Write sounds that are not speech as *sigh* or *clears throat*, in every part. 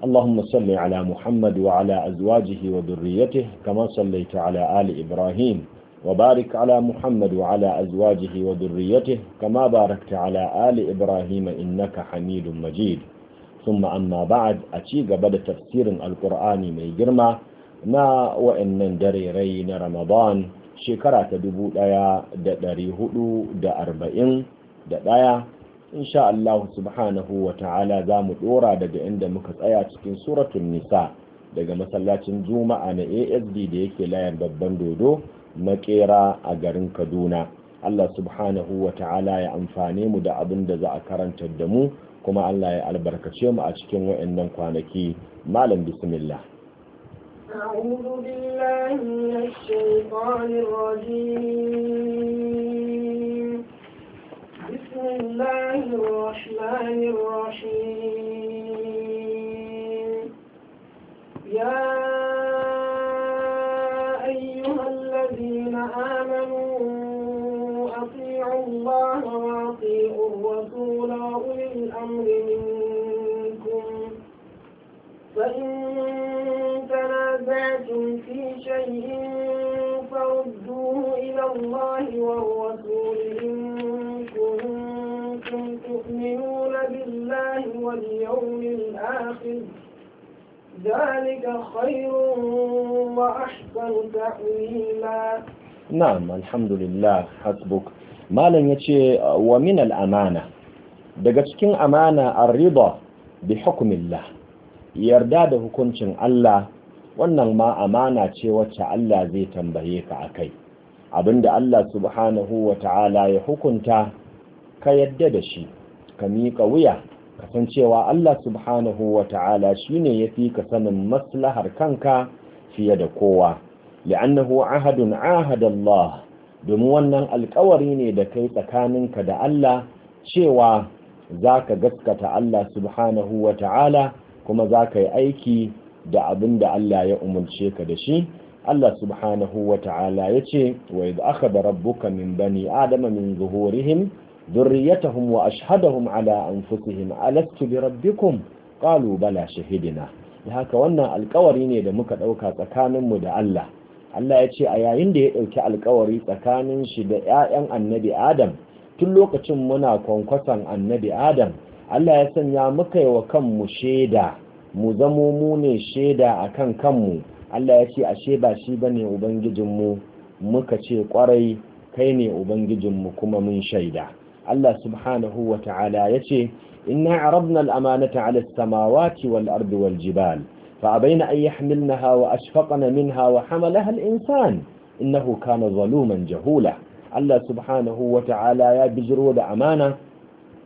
اللهم صل على محمد وعلى أزواجه وذريته كما صليت على آل إبراهيم وبارك على محمد وعلى أزواجه وذريته كما باركت على آل إبراهيم إنك حميد مجيد ثم أما بعد أتيق بدا تفسير القرآن من جرمى na wa'annan darerai na ramadan shekara ta dubu ɗaya da ɗari hudu da arba'in da ɗaya insha Allah subhanahu wa ta'ala za mu dora daga inda muka tsaya cikin suratun nisa daga masallacin juma'a na asd da yake layar babban dodo makera a garin kaduna allah subhanahu wa ta'ala ya amfane mu da abin da za a karanta da mu kuma allah ya albarkace mu a cikin wa'annan kwanaki malam bismillah أعوذ بالله من الشيطان الرجيم بسم الله الرحمن الرحيم يا أيها الذين آمنوا أطيعوا الله وأطيعوا الرسول أولي الأمر منكم فإن تنازعتم في شيء فردوه إلى الله ورسوله واليوم الآخر ذلك خير وأحسن تأويلا نعم الحمد لله حسبك malam ya ce wa minal amana daga cikin amana arriba bi hukumillah yarda da hukuncin Allah wannan ma amana ce wacce Allah zai tambaye ka akai abinda Allah subhanahu wa ta'ala ya hukunta ka yadda da shi ka miƙa wuya san cewa Allah subhanahu wa ta'ala shi ne ya fi ka sanin maslahar kanka fiye da kowa, li'annahu ahadun ahadallah domin wannan alkawari ne da kai tsakaninka da Allah cewa za ka gaskata Allah subhanahu wa ta'ala kuma za ka yi aiki da abin da Allah ya umarce ka da shi. Allah subhanahu wa ta'ala ya ce, Wa iz aka da rabbuka min bani Adama min zuhurihim ذريتهم وأشهدهم على أنفسهم ألست بربكم قالوا بلى شهدنا haka wannan alkawari ne da muka ɗauka tsakaninmu da Allah Allah ya ce a yayin da ya ɗauki alkawari tsakanin shi da 'ya'yan annabi Adam tun lokacin muna kwankwason annabi Adam Allah ya sanya muka yi wa kanmu shaida mu zamo mu ne shaida a kan kanmu Allah ya ce ashe ba shi bane Ubangijin Ubangijinmu muka ce kwarai kai ne Ubangijinmu kuma mun shaida Allah subhanahu wa ta'ala ya ce inna arabna al'amanata ala samawati wal ardi wal jibal fa abaina an yahmilnaha wa ashfaqna minha wa hamalaha al insan innahu kana zaluman jahula Allah subhanahu wa ta'ala ya bijiro da amana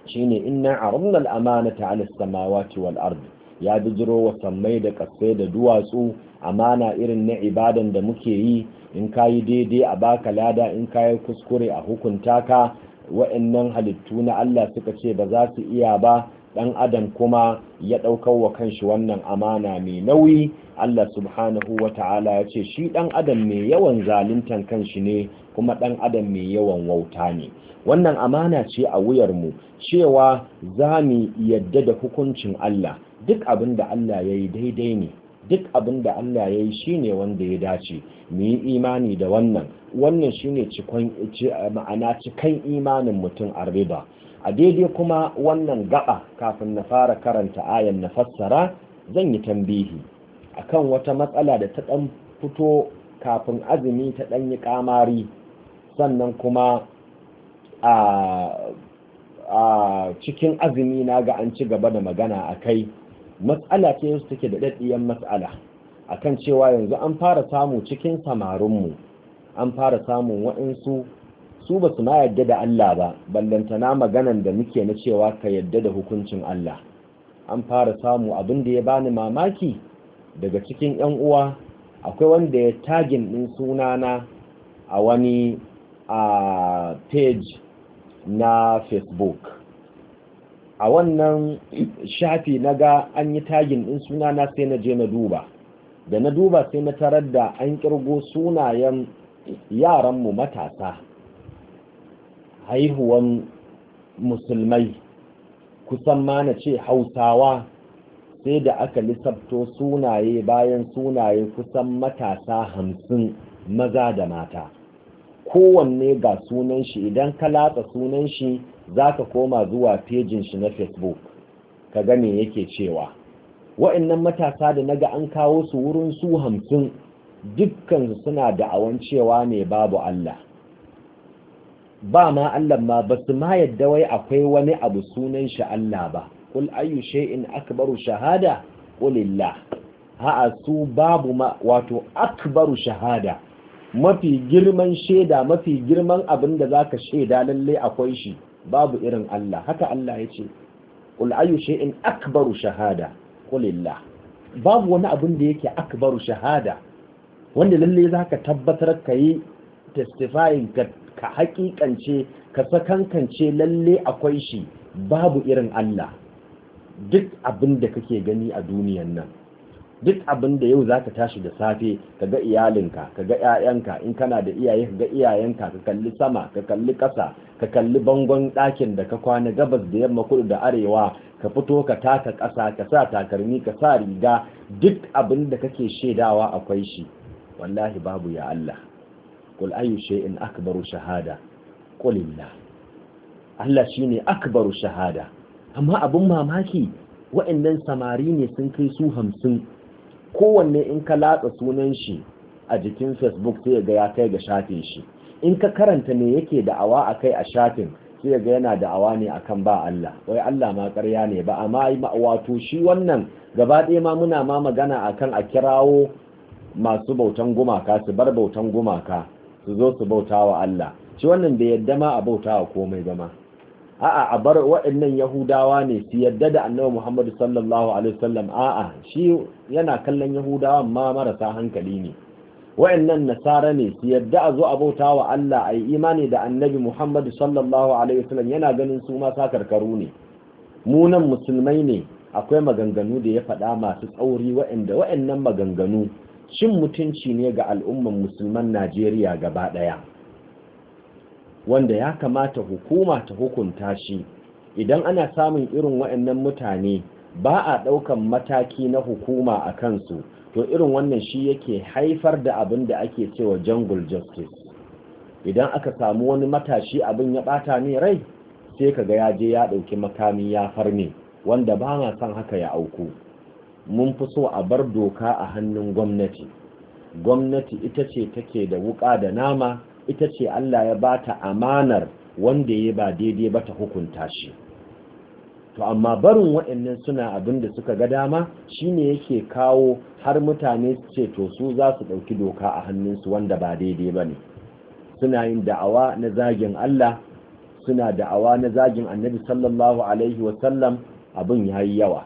shine inna arabna al'amanata ala samawati wal ardi ya bijiro wa sammai da kasai da duwatsu amana irin na ibadan da muke yi in kayi daidai a baka lada in kayi kuskure a hukunta ka wa'annan halittu na Allah suka ce ba za su iya ba dan adam kuma ya daukar wa kanshi wannan amana mai nauyi Allah subhanahu wata'ala ya ce shi dan adam mai yawan zaluntan kanshi ne kuma dan adam mai yawan wauta ne wannan amana ce a wuyar mu cewa za mu yadda da hukuncin Allah duk abin da Allah ya yi daidai ne duk abin da Allah ya yi shine wanda ya dace mu yi imani da wannan wannan shine ne ma'ana cikin imanin mutum a riba. a daidai kuma wannan gaba kafin na fara karanta ayan na fassara zan yi tambihi akan wata matsala da ta dan fito kafin azumi ta dan yi kamari sannan kuma a cikin azumi na ga an ci gaba da magana a kai matsala ce yanzu take da daɗiyan matsala akan cewa yanzu an fara samu cikin samarinmu an fara samun waɗansu su ba su ma yadda da Allah ba ballantana maganan da muke na cewa ka yadda da hukuncin Allah an fara samu abin da ya bani mamaki daga cikin 'yan uwa akwai wanda ya tagin ɗin na a wani a page na facebook a wannan shafi na ga an yi tagin ɗin suna na sai na je na duba da na duba sai na tarar da an kirgo sunayen yaranmu matasa haihuwan musulmai kusan ma na ce hausawa sai da aka lissafto sunaye bayan sunaye kusan matasa hamsin maza da mata kowanne ga sunan shi idan ka latsa sunan shi za ka koma zuwa pejin shi na facebook ka ga me yake cewa wa'annan matasa da naga an kawo su wurin su hamsin dukkansu suna da'awan cewa ne babu Allah ba ma Allah ma ba su ma yadda wai akwai wani abu sunan shi Allah ba kul ayu shay'in akbaru shahada qulillah ha'a su babu ma wato akbaru shahada mafi girman shaida mafi girman abin da zaka shaida lalle akwai shi babu irin Allah haka Allah ya ce qul ayu shay'in akbaru shahada qulillah babu wani abin da yake akbaru shahada wanda lalle zaka tabbatar kai testifying ka ka hakikance ka sakankance lalle akwai shi babu irin Allah duk abin da kake gani a duniyan nan duk abin da yau zaka tashi da safe ka ga iyalinka ka ga 'ya'yanka in kana da iyaye ka ga iyayenka ka kalli sama ka kalli ƙasa ka kalli bangon ɗakin da ka kwana gabas da yamma kudu da arewa ka fito ka taka ƙasa ka sa takarmi ka sa riga duk abin da kake shaidawa akwai shi wallahi babu ya Allah ayu shay'in akbaru shahada qul Allah shine akbaru shahada amma abin mamaki wa'annan samari ne sun kai su hamsin kowanne in ka latsa sunan shi a jikin facebook sai ga ya kai ga shafin shi in ka karanta ne yake da awa a kai a shafin sai ga yana da awa ne akan ba Allah wai Allah ma ƙarya ne ba amma wato shi wannan gaba ɗaya ma muna ma magana akan a kirawo masu bautan gumaka su bar bautan gumaka su zo su bauta wa Allah shi wannan bai yadda ma a bauta wa komai ba ma a'a a bar waɗannan yahudawa ne su yadda da annabi muhammadu sallallahu alaihi wasallam a'a shi yana kallon yahudawa ma marasa hankali ne waɗannan nasara ne su yadda a zo a bauta wa Allah ayi imani da annabi muhammadu sallallahu alaihi wasallam yana ganin su ma sakarkaru ne munan musulmai ne akwai maganganu da ya faɗa masu tsauri waɗanda waɗannan maganganu shin mutunci ne ga al'umman musulman najeriya gaba ɗaya wanda ya kamata hukuma ta hukunta shi idan ana samun irin waɗannan mutane ba a ɗaukan mataki na hukuma a kansu to irin wannan shi yake haifar da abin da ake cewa jungle justice idan aka samu wani matashi abin ya ɓata ne rai sai ka ga ya je ya ɗauki makami ya farme wanda ba na son haka ya auku mun fi so a bar doka a hannun gwamnati gwamnati ita ce take da wuƙa da nama ita ce Allah ya ba ta amanar wanda ya ba daidai ba ta hukunta shi to amma barin waɗannan suna abin da suka ga dama shi ne yake kawo har mutane su ce to su za su ɗauki doka a hannunsu wanda ba daidai ba ne suna yin da'awa na zagin Allah suna da'awa na zagin annabi sallallahu alaihi wasallam abin ya yi yawa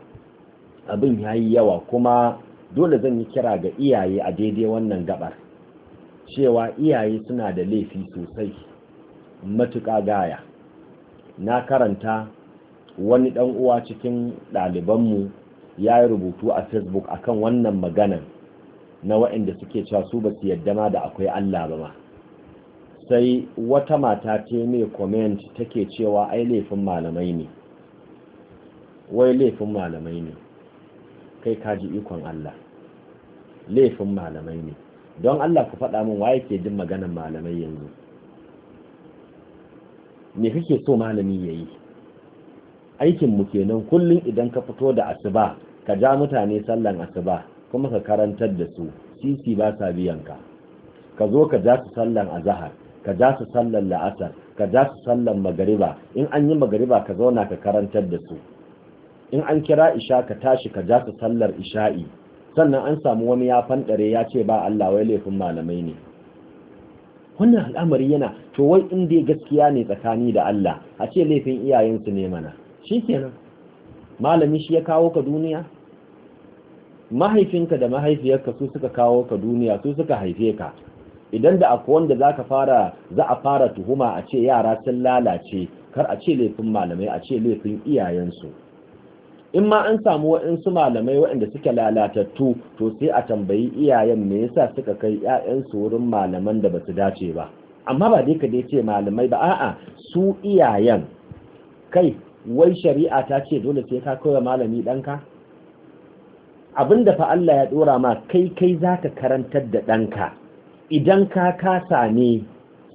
abin ya yi yawa kuma dole zan yi kira ga iyaye a daidai wannan gabar cewa iyaye suna da laifi sosai matuƙa gaya na karanta wani ɗan uwa cikin ɗalibanmu ya yi rubutu a facebook akan wannan maganan na waɗanda suke cewa su ba su yadda ma da akwai allah ba ma sai wata mata ta mai comment take cewa ai laifin malamai ne wai laifin malamai ne kai kaji ikon allah laifin malamai ne don Allah ka faɗa min waye ke jin maganar malamai yanzu me kake so malami ya yi aikin mu kenan kullum idan ka fito da asuba ka ja mutane sallan asuba kuma ka karantar da su sisi ba sa biyan ka ka zo ka ja su sallan azahar ka ja su sallan la'asar ka ja su sallan magariba in an yi magariba ka zauna ka karantar da su in an kira isha ka tashi ka ja su sallar isha'i sannan an samu wani ya fanɗare ya ce ba Allah wai laifin malamai ne wannan al'amari yana to wai in dai gaskiya ne tsakani da Allah a ce laifin iyayensu ne mana shikenan malami shi ya kawo ka duniya mahaifinka da mahaifiyarka su suka kawo ka duniya su suka haife ka idan da akwai wanda zaka fara za a fara tuhuma a ce yara sun lalace kar a ce laifin malamai a ce laifin iyayensu in ma an samu waɗansu malamai waɗanda suke lalatattu to sai a tambayi iyayen me yasa suka kai 'ya'yansu wurin malaman da basu dace ba amma ba dai ka dai ce malamai ba a'a su iyayen kai wai shari'a ta ce dole sai ka koya malami ɗanka abin da fa Allah ya dora ma kai kai zaka karantar da ɗanka idan ka kasa ne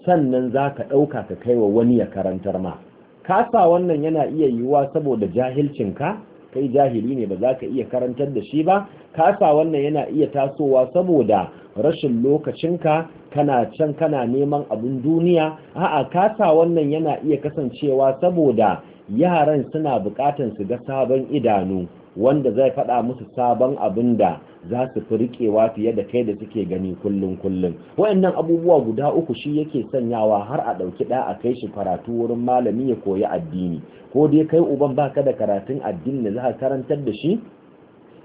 sannan zaka ɗauka ka kaiwa wani ya karantar ma kasa wannan yana iya yiwuwa saboda jahilcinka kai jahili ne ba za ka iya karantar da shi ba kasa wannan yana iya tasowa saboda rashin lokacinka kana can kana neman abin duniya a'a kasa wannan yana iya kasancewa saboda yaran suna bukatan su ga sabon idanu wanda zai faɗa musu sabon abin da za su fi riƙewa fiye da kai da suke gani kullum kullum wayannan abubuwa guda uku shi yake sanyawa har a ɗauki ɗa a kai shi karatu wurin malami ya koyi addini ko dai kai uban baka da karatun addini da za ka karantar da shi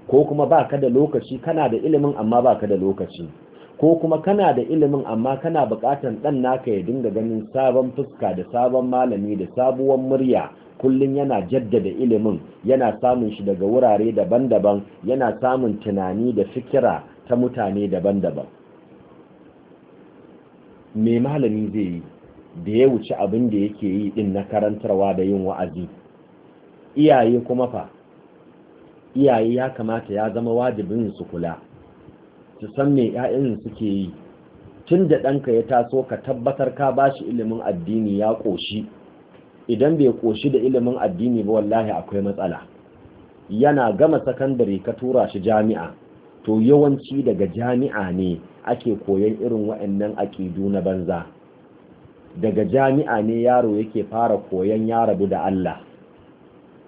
ko kuma baka da lokaci kana da ilimin amma baka da lokaci ko kuma kana da ilimin amma kana buƙatar ɗan naka ya dinga ganin sabon fuska da sabon malami da sabuwar murya kullum yana jaddada ilimin yana samun shi daga wurare daban-daban yana samun tunani da fikira ta mutane daban-daban me malami zai yi da ya wuce abin da yake yi din na karantarwa da yin wa'azi iyaye kuma fa iyaye ya kamata ya zama wajibin su kula su san me 'ya'yan suke yi tun da ɗanka ya taso ka tabbatar ka bashi ilimin addini ya ƙoshi idan bai koshi da ilimin addini ba wallahi akwai matsala yana gama sakandare ka tura shi jami'a to yawanci daga jami'a ne ake koyon irin waɗannan aƙidu na banza daga jami'a ne yaro yake fara koyon ya rabu da Allah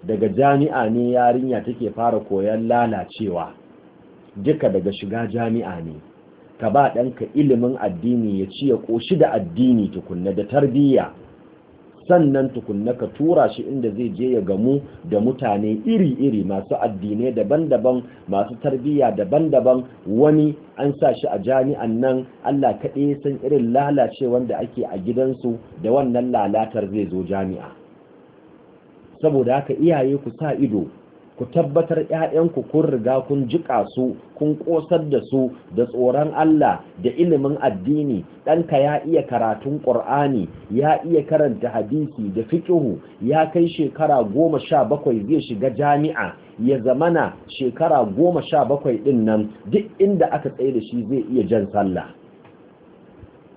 daga jami'a ne yarinya take fara koyon lalacewa duka daga shiga jami'a ne ka ba ɗanka ilimin addini ya ci ya ƙoshi da addini tukunna da tarbiyya sannan tukunna ka tura shi inda zai je ya gamu da mutane iri-iri masu addinai daban-daban masu tarbiyya daban-daban wani an sa shi a jami'an nan Allah kaɗai san irin lalace wanda ake a gidansu da wannan lalatar zai zo jami'a saboda haka iyaye ku sa ido ku tabbatar ‘ya'yanku kun riga kun jiƙa su kun ƙosar da su da tsoron Allah da ilimin addini ɗanka ya iya karatun ƙur'ani ya iya karanta hadisi da fiƙihu ya kai shekara goma sha bakwai zai shiga jami'a ya zamana shekara goma sha bakwai ɗin nan duk inda aka tsaye da shi zai iya jan sallah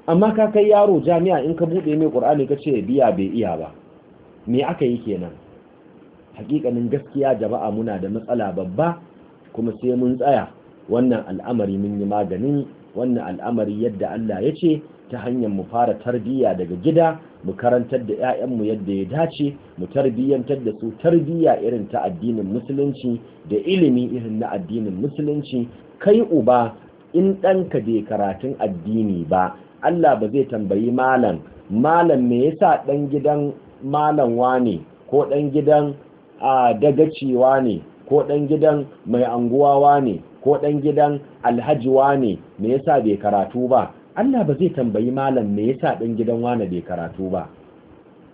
amma ka kai yaro jami'a in ka buɗe mai ƙur'ani ka ce biya bai iya ba me aka yi kenan hakikanin gaskiya jama'a muna da matsala babba kuma sai mun tsaya wannan al'amari mun yi maganin wannan al'amari yadda Allah ya ce ta hanyar mu fara tarbiyya daga gida mu karantar da 'ya'yanmu yadda ya dace mu tarbiyyantar da su tarbiyya irin ta addinin musulunci da ilimi irin na addinin musulunci kai uba in ɗanka bai karatun addini ba Allah ba zai tambayi malam malam me yasa ɗan gidan malam wane ko ɗan gidan a dagaciwa ne ko ɗan gidan mai anguwawa ne ko ɗan gidan alhajiwa ne me yasa bai karatu ba Allah ba zai tambayi malam me yasa ɗan gidan wane bai karatu ba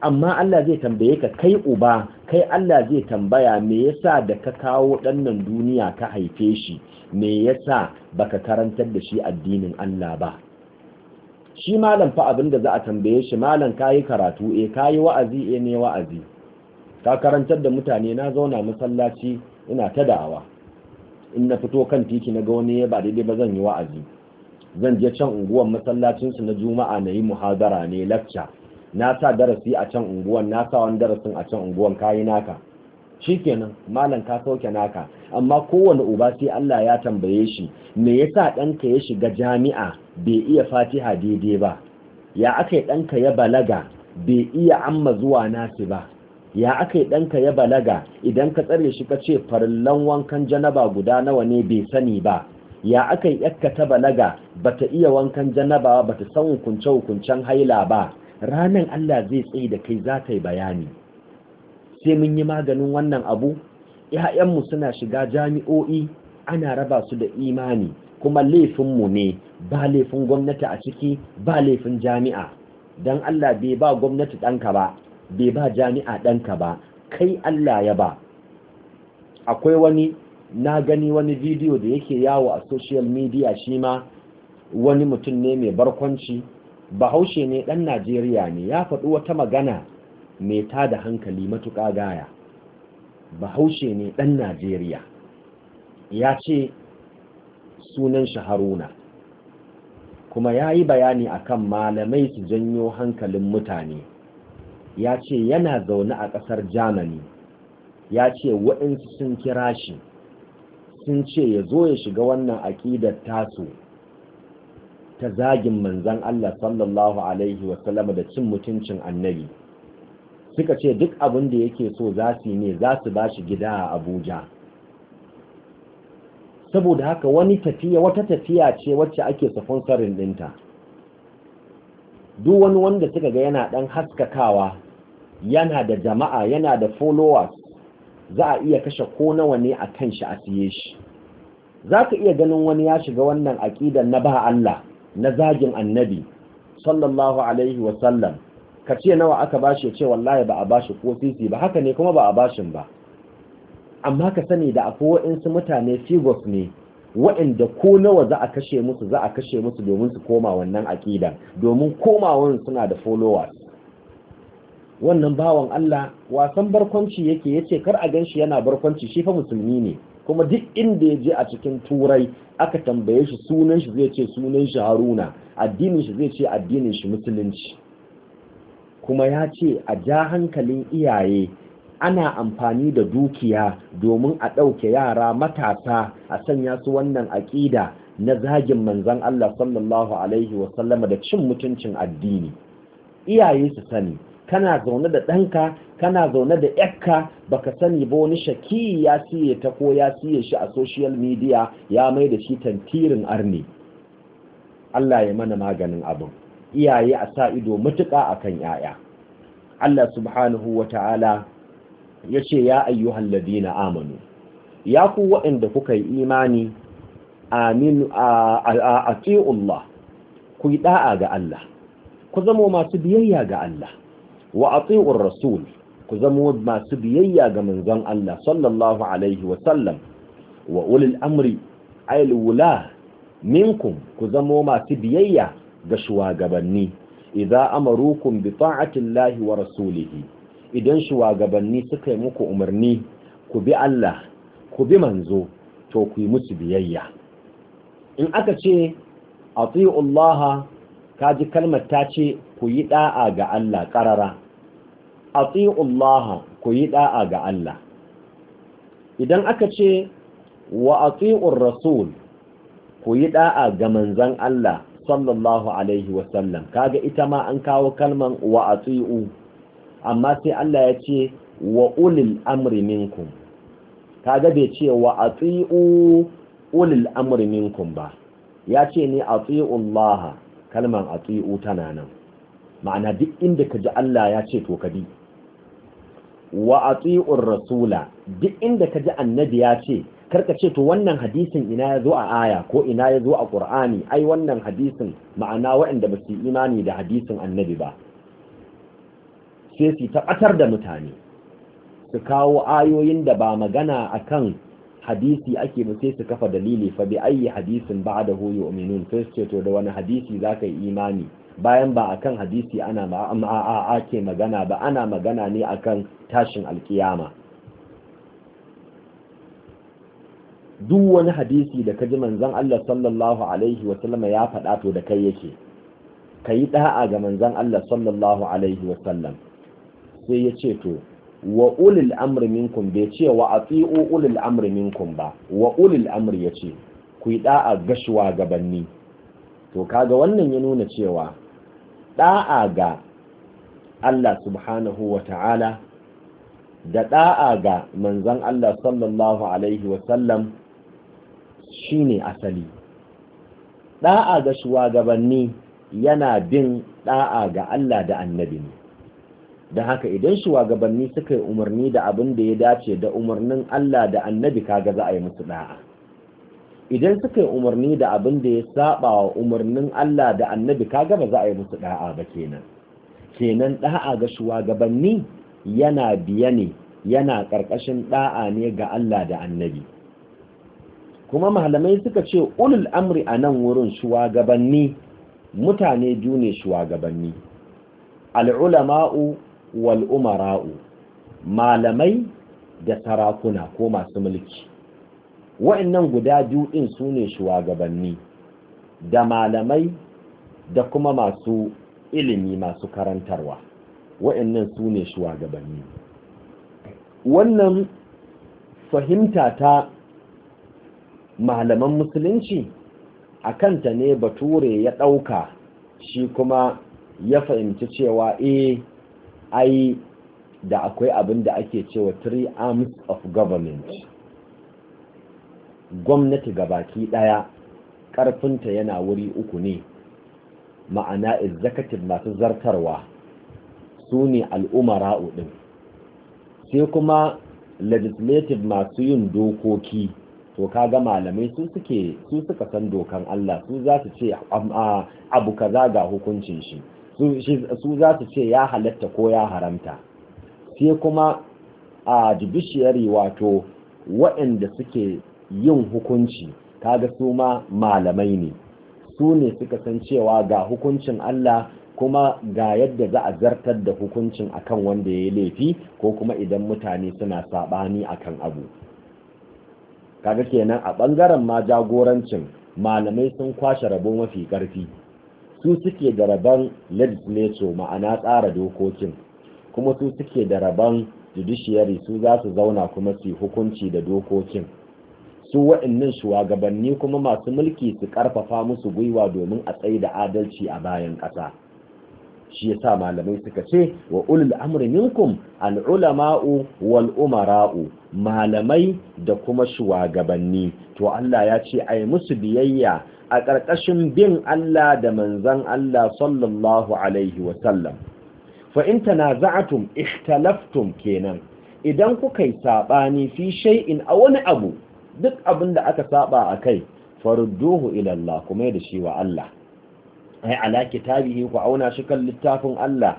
amma Allah zai tambaye ka kai uba kai Allah zai tambaya me yasa da ka kawo ɗannan duniya ka haife shi me yasa baka karantar da shi addinin Allah ba shi malam fa abin da za a tambaye shi malam kayi karatu eh kayi wa'azi eh ne wa'azi ka karantar da mutane na zauna masallaci ina ta da'awa in na fito kan titi na ga wani ba daidai ba zan yi wa'azi zan je can unguwan masallacin su na juma'a na yi muhadara ne lakca na sa darasi a can unguwan na sa wani darasin a can unguwan kayi naka shikenan malam ka sauke naka amma kowane uba sai Allah ya tambaye shi me yasa ɗanka ya shiga jami'a bai iya fatiha daidai ba ya aka yi ɗanka ya balaga bai iya amma zuwa nasi ba ya aka yi ɗanka ya balaga idan ka tsare shi ka ce farillan wankan janaba guda nawa ne bai sani ba ya aka yi yakka ta balaga ba ta iya wankan janaba ta san hukunce hukuncen haila ba ranan Allah zai tsaye da kai za ta yi bayani sai mun yi maganin wannan abu ‘ya'yanmu suna shiga jami'o'i ana raba su da imani kuma laifinmu ne ba laifin gwamnati a ciki ba laifin jami'a don Allah bai ba gwamnati ɗanka ba bai ba jami'a ɗanka ba kai Allah ya ba akwai wani na gani wani bidiyo da yake yawo a social media shi ma wani mutum ne mai barkwanci bahaushe ne ɗan najeriya ne ya faɗi wata magana mai ta da hankali matuƙa gaya bahaushe ne ɗan najeriya ya ce sunan shi haruna kuma ya yi bayani akan malamai su janyo hankalin mutane ya ce yana zaune a ƙasar germany ya ce waɗansu sun kira shi sun ce ya zo ya shiga wannan aƙidar tasu ta zagin manzan Allah sallallahu Alaihi wasallama da cin mutuncin annabi suka ce duk abin da yake so za su ne za su ba shi gida a Abuja saboda haka wani tafiya wata tafiya ce wacce ake sarin ɗinta duk wani wanda suka ga yana dan haskakawa yana da jama'a yana da followers za a iya kashe ko nawa ne a kan shi a siye shi za ka iya ganin wani ya shiga wannan aƙidan na ba Allah na zagin annabi sallallahu alaihi wasallam ka ce nawa aka bashi ya ce wallahi ba a bashi ko sisi ba haka ne kuma ba a bashin ba amma ka sani da akwai waɗansu mutane figos ne waɗanda ko nawa za a kashe musu za a kashe musu domin su koma wannan aƙida domin komawan suna da followers wannan bawan Allah wasan barkwanci yake yace kar a ganshi yana barkwanci shi fa musulmi ne kuma duk inda ya je a cikin turai aka tambaye shi sunan shi zai ce sunan shi Haruna addinin shi zai ce addinin shi musulunci kuma ya ce a ja hankalin iyaye ana amfani da dukiya domin a ɗauke yara matasa a sanya su wannan aƙida na zagin manzan Allah sallallahu alaihi wasallama da cin mutuncin addini iyaye su sani kana zaune da ɗanka kana zaune da Ba baka sani ba wani shaki ya siye ta ko ya siye shi a social media ya mai da shi tantirin arni Allah ya mana maganin abin iyaye a sa ido matuƙa a kan 'ya'ya Allah subhanahu wa ta'ala ya ce ya ayyuhan ladina amanu ya ku waɗanda kuka yi imani aminu a Allah ku yi ɗa'a ga Allah ku zama masu biyayya ga Allah wa a rasul ku zama masu biyayya ga manzon Allah sallallahu alaihi wasallam wa ulil amri ailwula minkum ku zama masu biyayya ga shugabanni idza kun bi ta'ati wa rasulihi idan shugabanni suka yi muku umarni ku bi Allah ku bi manzo to ku yi musu biyayya in aka ce ka ji kalmar ta ce ku yi da'a ga Allah karara atiullaha ku yi da'a ga Allah idan aka ce wa atiur rasul ku yi da'a ga manzon Allah sallallahu alaihi wasallam kaga ita ma an kawo kalman wa atiu amma sai Allah ya ce wa ulil amri minkum kaga bai ce wa ati'u ulil amri minkum ba ya ce ni ati'u Allah kalman ati'u tana nan ma'ana duk inda ka ji Allah ya ce to ka bi wa rasula duk inda ka ji annabi ya ce karka ce to wannan hadisin ina ya zo a aya ko ina ya zo a ƙur'ani ai wannan hadisin ma'ana waɗanda ba su imani da hadisin annabi ba sai su tabbatar da mutane su kawo ayoyin da ba magana akan hadisi ake ba sai su kafa dalili fa bi ayi hadisin ba da huyu yu'minun sai su ce to da wani hadisi za ka yi imani bayan ba akan hadisi ana ma'a ake magana ba ana magana ne akan tashin alkiyama duk wani hadisi da ka ji manzon Allah sallallahu alaihi wa sallama ya faɗa to da kai yake ka yi ɗa'a ga manzon Allah sallallahu alaihi wa sallam sai ya ce to wa ulil amri minkum bai ce wa ati'u ulil amri minkum ba wa ulil amri yace ku yi da'a ga shugabanni to kaga wannan ya nuna cewa da'a ga Allah subhanahu wa ta'ala da da'a ga manzon Allah sallallahu alaihi wa sallam shine asali da'a ga shugabanni yana bin da'a ga Allah da annabi ne da haka idan shugabanni suka yi umarni da abin da ya dace da umarnin Allah da annabi kaga za a yi musu da'a idan suka yi umarni da abin da ya saba wa umarnin Allah da annabi kaga ba za a yi musu da'a ba kenan kenan da'a ga shugabanni yana biya ne yana ƙarƙashin da'a ne ga Allah da annabi kuma malamai suka ce ulul amri a nan wurin shugabanni mutane biyu ne shugabanni al'ulama'u wal umara'u malamai da sarakuna ko masu mulki wa'annan guda biyu din su ne shugabanni da malamai da kuma masu ilimi masu karantarwa wa'annan su ne shugabanni wannan fahimta ta malaman musulunci a kanta ne bature ya ɗauka shi kuma ya fahimci cewa eh ai da akwai abin da ake cewa three arms of government gwamnati gabaki daya karfinta yana wuri uku ne ma'ana executive masu zartarwa su ne al'umara din sai kuma legislative masu yin dokoki to kaga malamai su suke su suka san dokan Allah su za su ce abu kaza ga hukuncin shi su za su ce ya halatta ko ya haramta sai kuma a jibishiyari wato waɗanda suke yin hukunci kaga su ma malamai ne su ne suka san cewa ga hukuncin Allah kuma ga yadda za a zartar da hukuncin akan wanda ya yi laifi ko kuma idan mutane suna saɓani akan abu kaga kenan a ɓangaren ma jagorancin malamai sun kwashe rabo mafi ƙarfi su suke da rabon legislature ma'ana tsara dokokin kuma su suke da rabon judiciary su za su zauna kuma su hukunci da dokokin su waɗannan shugabanni kuma masu mulki su karfafa musu gwiwa domin a tsaye da adalci a bayan ƙasa shi yasa malamai suka ce wa ulul amri minkum al ulama'u wal umara'u malamai da kuma shugabanni to Allah ya ce ai musu biyayya a ƙarƙashin bin Allah da manzan Allah sallallahu alaihi wasallam fa in tanaza'tum kenan idan kuka yi sabani fi shai'in a wani abu duk abin da aka a kai farudduhu ila Allah kuma da shi wa Allah ai ala kitabihi ku auna shi kan littafin Allah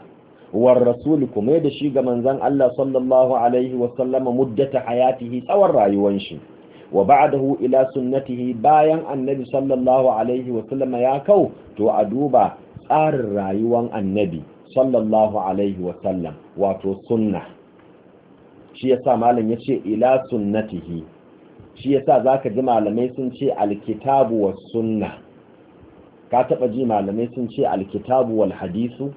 war rasul kuma da shi ga manzan Allah sallallahu alaihi wasallam muddata hayatihi tsawon rayuwar shi wa ba'dahu ila sunnatihi bayan annabi sallallahu alaihi wa sallam ya kau to a duba tsarin rayuwan annabi sallallahu alaihi wa sallam wato sunna shi yasa malam yace ila sunnatihi shi yasa zaka ji malamai sun ce alkitabu was sunna ka taba ji malamai sun ce alkitabu wal hadisu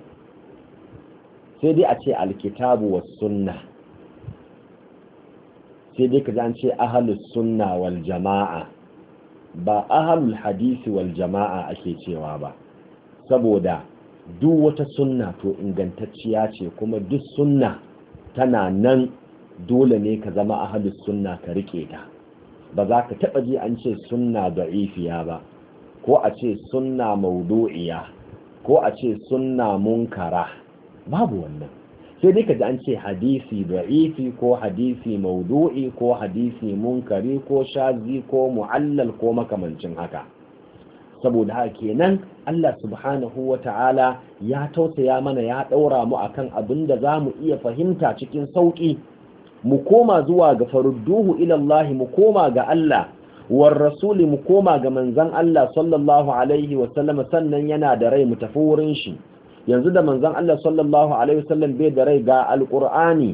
sai dai a ce alkitabu was sunna sai dai ka an ce ahalus sunna wal jama'a ba ahalul hadisi wal jama'a ake cewa ba saboda duk wata sunna to ingantacciya ce kuma duk sunna tana nan dole ne ka zama ahalus sunna ka rike ta ba za ka taɓa ji an ce sunna da'ifiya ba ko a ce sunna maudu'iya ko a ce sunna munkara babu wannan sai dai ka ji an ce hadisi da'ifi ko hadisi maudu'i ko hadisi munkari ko shazi ko mu'allal ko makamancin haka saboda haka kenan Allah subhanahu wa ta'ala ya tausaya mana ya ɗaura mu akan abin da za mu iya fahimta cikin sauƙi mu koma zuwa ga farudduhu ilallahi mu koma ga Allah war rasuli mu koma ga manzan Allah sallallahu alaihi wa sannan yana da rai mu tafi wurin shi yanzu da manzon Allah sallallahu alaihi wasallam bai da rai ga alqur'ani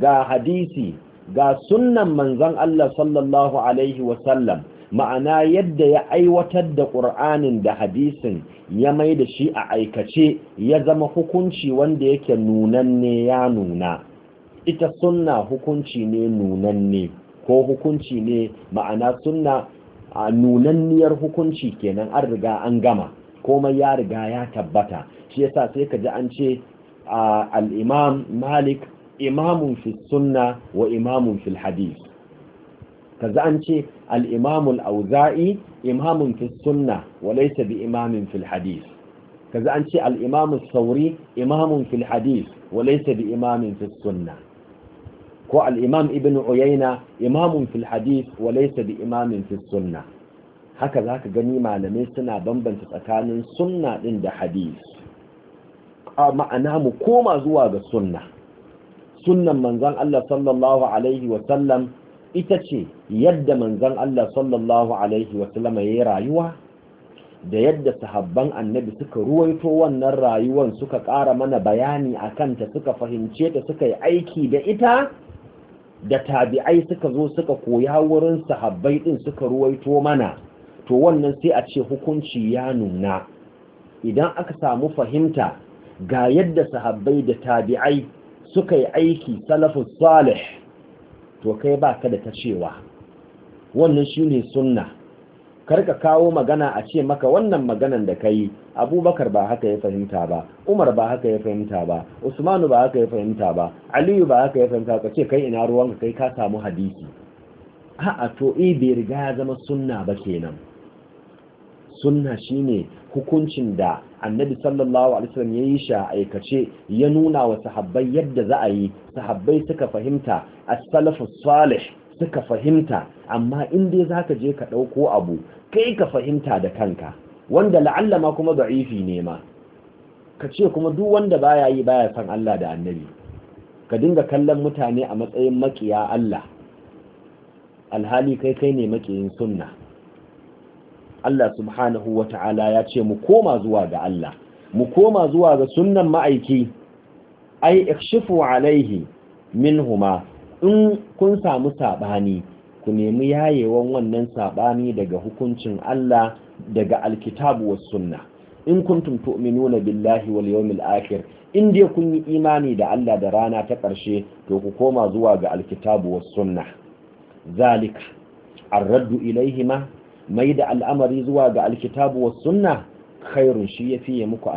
ga hadisi ga sunnan manzon Allah sallallahu alaihi wasallam ma'ana yadda ya aiwatar da ƙur'anin da hadisin ya mai da shi a aikace ya zama hukunci wanda yake nunanne ya nuna ita sunna hukunci ne nunanne ko hukunci ne ma'ana sunna a nunanniyar hukunci kenan an riga an gama komai ya riga ya tabbata shi yasa sai ka ji an ce al-imam malik imamun fi sunna wa imamun filhadis, hadith kaza an ce al imamul auzai imamun fi sunna wa laysa bi imamin fil hadith kaza an ce al-imam sauri imamun filhadis hadith wa laysa bi imamin fis sunna ko al-imam ibn uyayna imamun filhadis hadith wa laysa bi imamin fis sunna haka za ka gani malamai suna bambanta tsakanin sunna ɗin da hadis ma'ana mu koma zuwa ga sunna sunnan manzan Allah sallallahu alaihi wasallam ita ce yadda manzan Allah sallallahu alaihi wasallam ya yi rayuwa da yadda sahabban annabi suka ruwaito wannan rayuwan suka ƙara mana bayani a kanta suka fahimce ta suka yi aiki da ita da tabi'ai suka zo suka koya wurin sahabbai ɗin suka ruwaito mana to wannan sai a ce hukunci ya nuna idan aka samu fahimta ga yadda sahabbai da tabi'ai suka yi aiki salafus salih to kai baka da ta cewa wannan shine sunna Kar ka kawo magana a ce maka wannan maganan da kai abubakar ba haka ya fahimta ba umar ba haka ya fahimta ba usmanu ba haka ya fahimta ba aliyu ba haka ya fahimta ka ce kai ina ruwanka kai ka samu hadisi a'a to eh bai riga ya zama sunna ba kenan sunna shine hukuncin da annabi sallallahu alaihi wasallam yayi shi aikace ya nuna wa sahabbai yadda za a yi sahabbai suka fahimta as salafu salih suka fahimta amma in dai zaka je ka dauko abu kai ka fahimta da kanka wanda la'alla ma kuma da'ifi ne ma ka ce kuma duk wanda baya yi baya san Allah da annabi ka dinga kallon mutane a matsayin makiya Allah alhali kai kai ne makiyin sunna Allah subhanahu wa ta'ala ya ce mu koma zuwa ga Allah mu koma zuwa ga sunnan ma'aiki ai ikshifu alaihi huma, in kun samu saɓani, ku nemi yayewan wannan saɓani daga hukuncin Allah daga alkitabu wa sunna in kuntum tu'minuna billahi wal yawmil akhir in dai kun yi imani da Allah da rana ta ƙarshe to ku koma zuwa ga alkitabu wa sunna zalika ar-raddu ilaihima mai da al'amari zuwa ga alkitabu sunna khairun shi ya fiye muku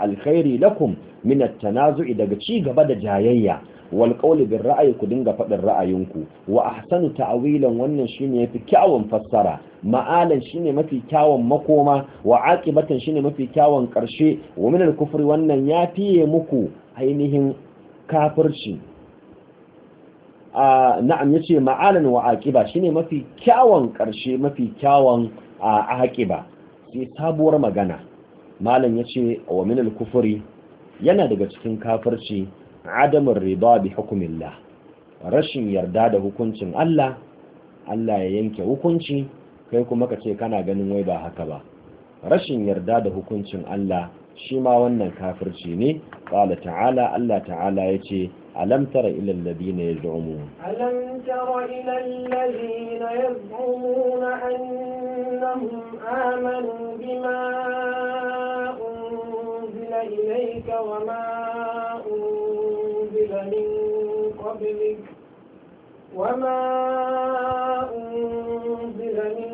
alkhairi lakum min tanazui daga ci gaba da jayayya wal qawli bil ku dinga fadin ra'ayinku wa ahsanu ta'wilan wannan shine yafi kyawun fassara ma'alan shine mafi kyawun makoma wa aqibatan shine mafi kyawun karshe wa min al-kufri wannan fiye muku ainihin kafirci na'am yace ma'alan wa aqiba shine mafi kyawun karshe mafi kyawun aqiba sai sabuwar magana malam yace wa min al-kufri yana daga cikin kafirci Adamu, riba bi hukumillah rashin yarda da hukuncin Allah Allah ya yanke hukunci kai kuma ka ce kana ganin wai ba haka ba rashin yarda da hukuncin Allah shi ma wannan kafirci ne qala ta'ala Allah ta'ala yace alam tara ila alladhina yaz'umun alam tara ila alladhina yaz'umuna annahum amanu bima unzila ilayka wama unzila min qablik وما أنزل من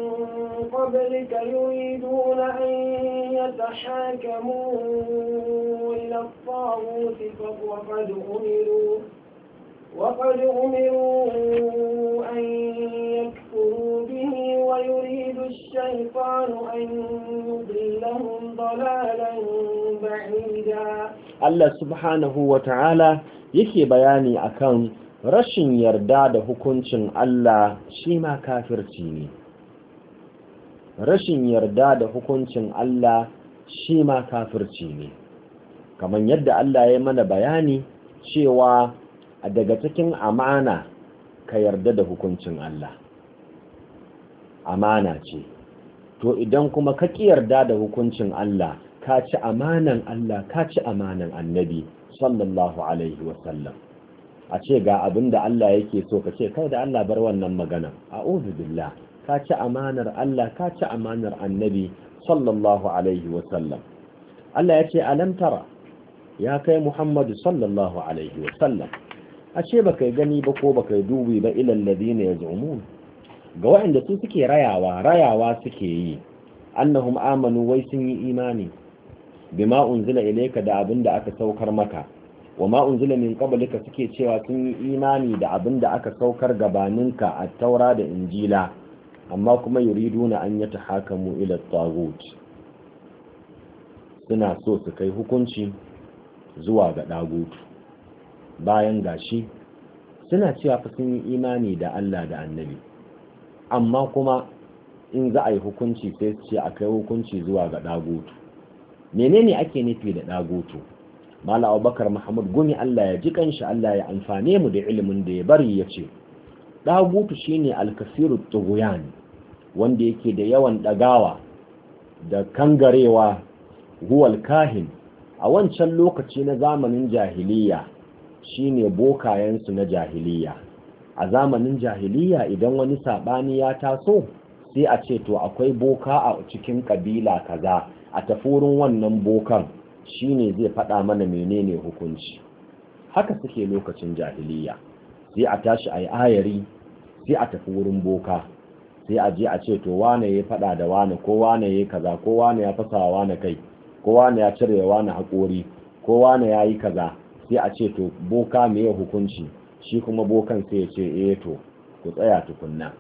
قبلك يريدون أن حاكموا إلى الطاغوت وقد أمروا وقد أمروا أن يكفروا به ويريد الشيطان أن يضلهم ضلالا بعيدا الله سبحانه وتعالى yake bayani akan rashin yarda da hukuncin Allah shi ma kafirci ne rashin yarda da hukuncin Allah shi ma kafirci ne kamar yadda Allah ya mana bayani cewa daga cikin amana ka yarda da hukuncin Allah amana ce to idan kuma ka ki yarda da hukuncin Allah ka ci amanan Allah ka ci amanan annabi sallallahu alaihi wasallam a ce ga abinda da Allah yake so ka ce kai da Allah bar wannan magana a'udhu billah ka ci amanar Allah ka ci amanar annabi sallallahu alaihi wasallam Allah ya ce alam tara ya kai Muhammadu sallallahu alaihi wasallam ashe baka gani ba ko baka dubi ba ilal ladina mu. ga waɗanda su suke rayawa rayawa suke yi annahum amanu wai sun yi imani bima unzila Ilaika da abinda aka saukar maka wa ma unzila min suke cewa sun yi imani da abin da aka saukar gabaninka a taura da injila amma kuma yuriduna an mu ila tagut suna so su kai hukunci zuwa ga dagutu bayan gashi suna cewa fa sun yi imani da Allah da Annabi amma kuma in za a yi hukunci sai su ce a kai hukunci zuwa ga dagutu menene ake nufi da dagutu Mala Abubakar Muhammad Gumi Allah ya ji kanshi Allah ya amfane mu da ilimin da ya bari ya ce dagutu shine al-kasirut wanda yake da yawan ɗagawa da kangarewa huwal kahin a wancan lokaci na zamanin jahiliya shine bokayensu na jahiliya a zamanin jahiliya idan wani saɓani ya taso sai a ce to akwai boka a cikin ƙabila kaza a tafurin wannan bokan shine zai faɗa mana menene hukunci haka suke lokacin jahiliya sai a tashi a yi ayari sai a tafi wurin boka sai a je a ce to wane ya faɗa da wane ko wane ya kaza ko wane ya fasa wane kai ko wane ya cire wane haƙori ko wane ya yi kaza sai a ce to boka me ya hukunci shi kuma bokan sai ya ce eh to ku tsaya tukunna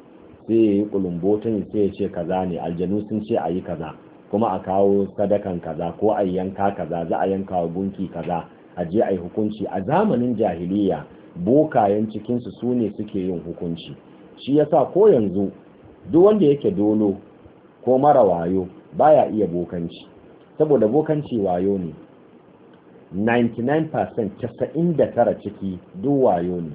sai ya yi kulumbotin sai ya ce kaza ne aljanu sun ce a yi kaza kuma a kawo sadakan kaza ko a yanka kaza za a yanka wa gunki kaza a je a yi hukunci a zamanin jahiliya bokayen cikinsu su ne suke yin hukunci shi yasa ko yanzu duk wanda yake dolo ko mara wayo baya iya bokanci saboda bokanci wayo ne 99% tara ciki duk wayo ne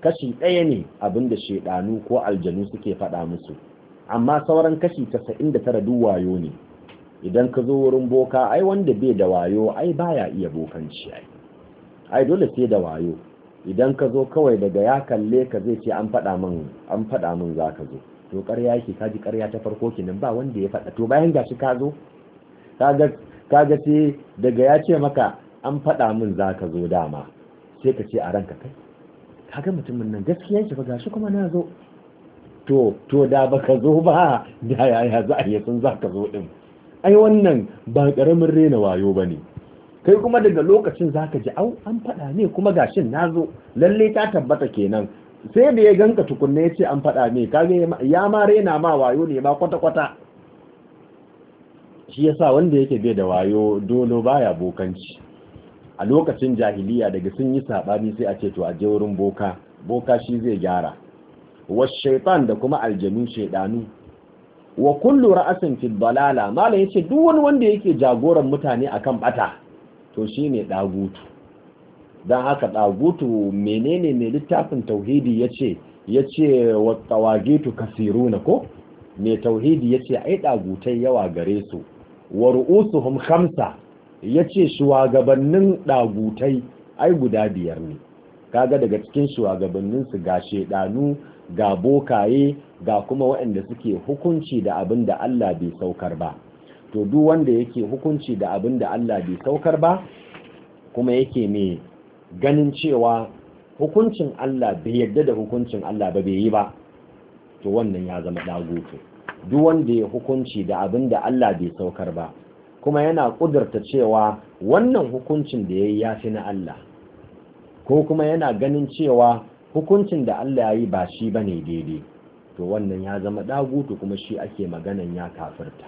kashi ɗaya ne abinda shaidanu ko aljanu suke faɗa musu amma sauran kashi da tara duk wayo ne idan ka zo wurin boka ai wanda bai da wayo ai baya iya bokanci ai ai dole sai da wayo idan ka zo kawai daga ya kalle ka zai ce an faɗa min an faɗa min zaka zo to ƙarya yake ji ƙarya ta farko kenan ba wanda ya faɗa to bayan gashi ka zo kaga kaga sai daga ya ce maka an faɗa min za ka zo dama sai ka ce a ranka kai kaga mutumin nan gaskiya shi ba gashi kuma na zo to to da ka zo ba da yaya za a yi sun za ka zo din ai wannan ba ƙaramin rena wayo ba ne kai kuma daga lokacin za ka ji au an faɗa ne kuma gashin na zo lalle ta tabbata kenan sai da ya ganka tukunna ya ce an faɗa ne kage ya ma raina ma wayo ne ma kwata-kwata shi ya sa wanda yake bai da wayo dolo baya bokanci a lokacin jahiliya daga sun yi saɓani sai a ce to a je wurin boka boka shi zai gyara wa shaitan da kuma aljanu shaidanu wa kullu ra'asin fi balala malam yace duk wani wanda yake jagoran mutane akan bata to shine dagutu don haka ɗagutu menene ne littafin tauhidi ya ce ya ce wa tawagitu kasiru na ko mai tauhidi ya ce ai ɗagutai yawa gare su wa khamsa ya ce shugabannin ɗagutai ai guda biyar ne kaga daga cikin shugabannin su ga shedanu ga bokaye ga kuma waɗanda suke hukunci da abin Allah bai saukar ba to duk wanda yake hukunci da abinda Allah bai saukar ba kuma yake mai ganin cewa hukuncin Allah bai yarda da hukuncin Allah ba bai yi ba to wannan ya zama dagutu duk wanda ya hukunci da abin da Allah bai saukar ba kuma yana kudurta cewa wannan hukuncin da ya yi ya fi na Allah ko kuma yana ganin cewa hukuncin da Allah ya yi ba shi ba ne daidai to wannan ya zama dagutu kuma shi ake maganan ya kafirta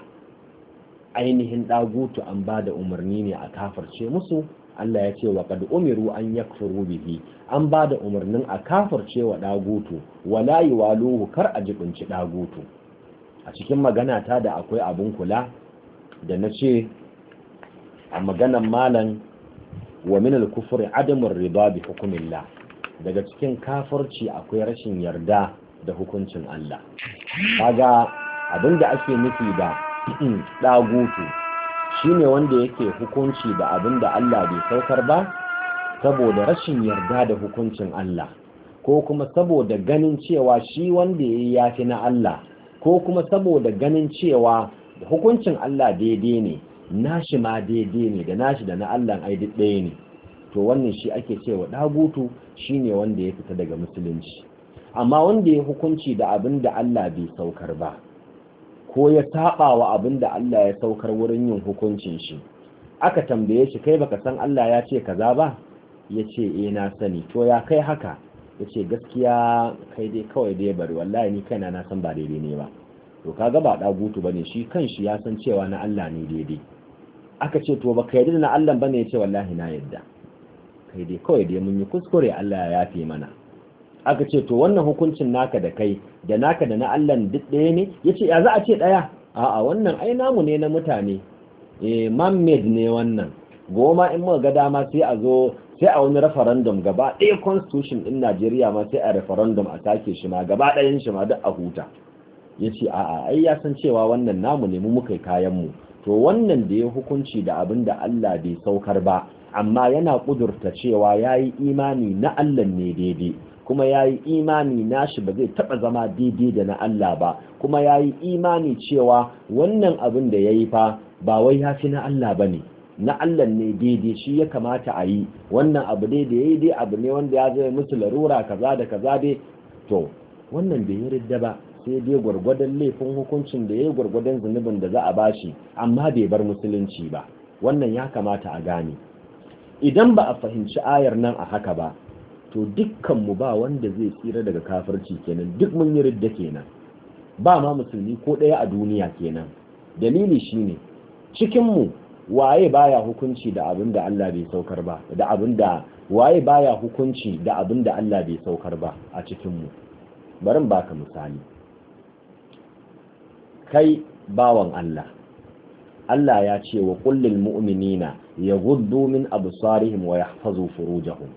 ainihin dagutu an ba da umarni ne a kafirce musu Allah ya ce wa kad umiru an yakfuru bihi an ba da umarnin a kafirce wa dagutu wala yuwaluhu kar a jibinci dagutu a cikin magana ta da akwai abun kula da na ce a maganan malan wa min al-kufri adamur riba bi hukumillah daga cikin kafarci akwai rashin yarda da hukuncin Allah kaga abinda ake nufi da *clears throat* dagutu shine wanda yake hukunci da abin da Allah bai saukar ba saboda rashin yarda da hukuncin Allah ko kuma saboda ganin cewa shi wanda yayi yafi na Allah ko kuma saboda ganin cewa hukuncin Allah daidai ne nashi ma daidai ne da nashi da na Allah ai duk ɗaya ne to wannan shi ake cewa dagutu shine wanda ya fita daga musulunci amma wanda ya hukunci da abin da Allah bai saukar ba ko ya taba wa abin da Allah ya saukar wurin yin hukuncin shi aka tambaye shi kai baka san Allah ya ce kaza ba yace ce eh na sani to ya kai haka yace gaskiya kai dai kawai dai bari wallahi ni kaina na san ba daidai ne ba to kaga ba dagutu bane shi kanshi ya san cewa na Allah ne daidai aka ce to baka yarda na Allah bane ya ce wallahi na yarda kai dai kawai dai mun yi kuskure Allah ya yafe mana aka ce to wannan hukuncin naka da kai da naka da na Allah duk ɗaya ne yace ya za a ce ɗaya a'a wannan ai namu ne na mutane eh man ne wannan goma in muka ga dama sai a zo sai a wani referendum gaba ɗaya constitution ɗin Najeriya ma sai a referendum a take shi ma gaba ɗayan shi ma duk a huta yace a'a ai ya san cewa wannan namu ne mu muka kayan mu to wannan da ya hukunci da abin da Allah bai saukar ba amma yana kudurta cewa yayi imani na Allah ne daidai kuma ya yi imani nashi ba zai taɓa zama daidai da na Allah ba kuma ya yi imani cewa wannan abin da ya yi fa ba wai ya fi na Allah ba ne na Allah ne daidai shi ya kamata a yi wannan abu dai da ya yi dai abu ne wanda ya zai musu larura kaza da kaza dai to wannan bai yarda ba sai dai gwargwadon laifin hukuncin da ya yi gwargwadon zunubin da za a ba shi, amma bai bar musulunci ba wannan ya kamata a gane idan ba a fahimci ayar nan a haka ba to dukkanmu ba wanda zai tsira daga kafirci kenan duk mun yi ridda kenan ba ma musulmi ko ɗaya a duniya kenan dalili shine cikinmu waye baya hukunci da abin da Allah bai saukar ba da abin da waye baya hukunci da abin Allah bai saukar ba a cikinmu barin baka misali kai bawan Allah Allah ya ce wa kullil mu'minina yaghuddu min absarihim wa yahfazu furujahum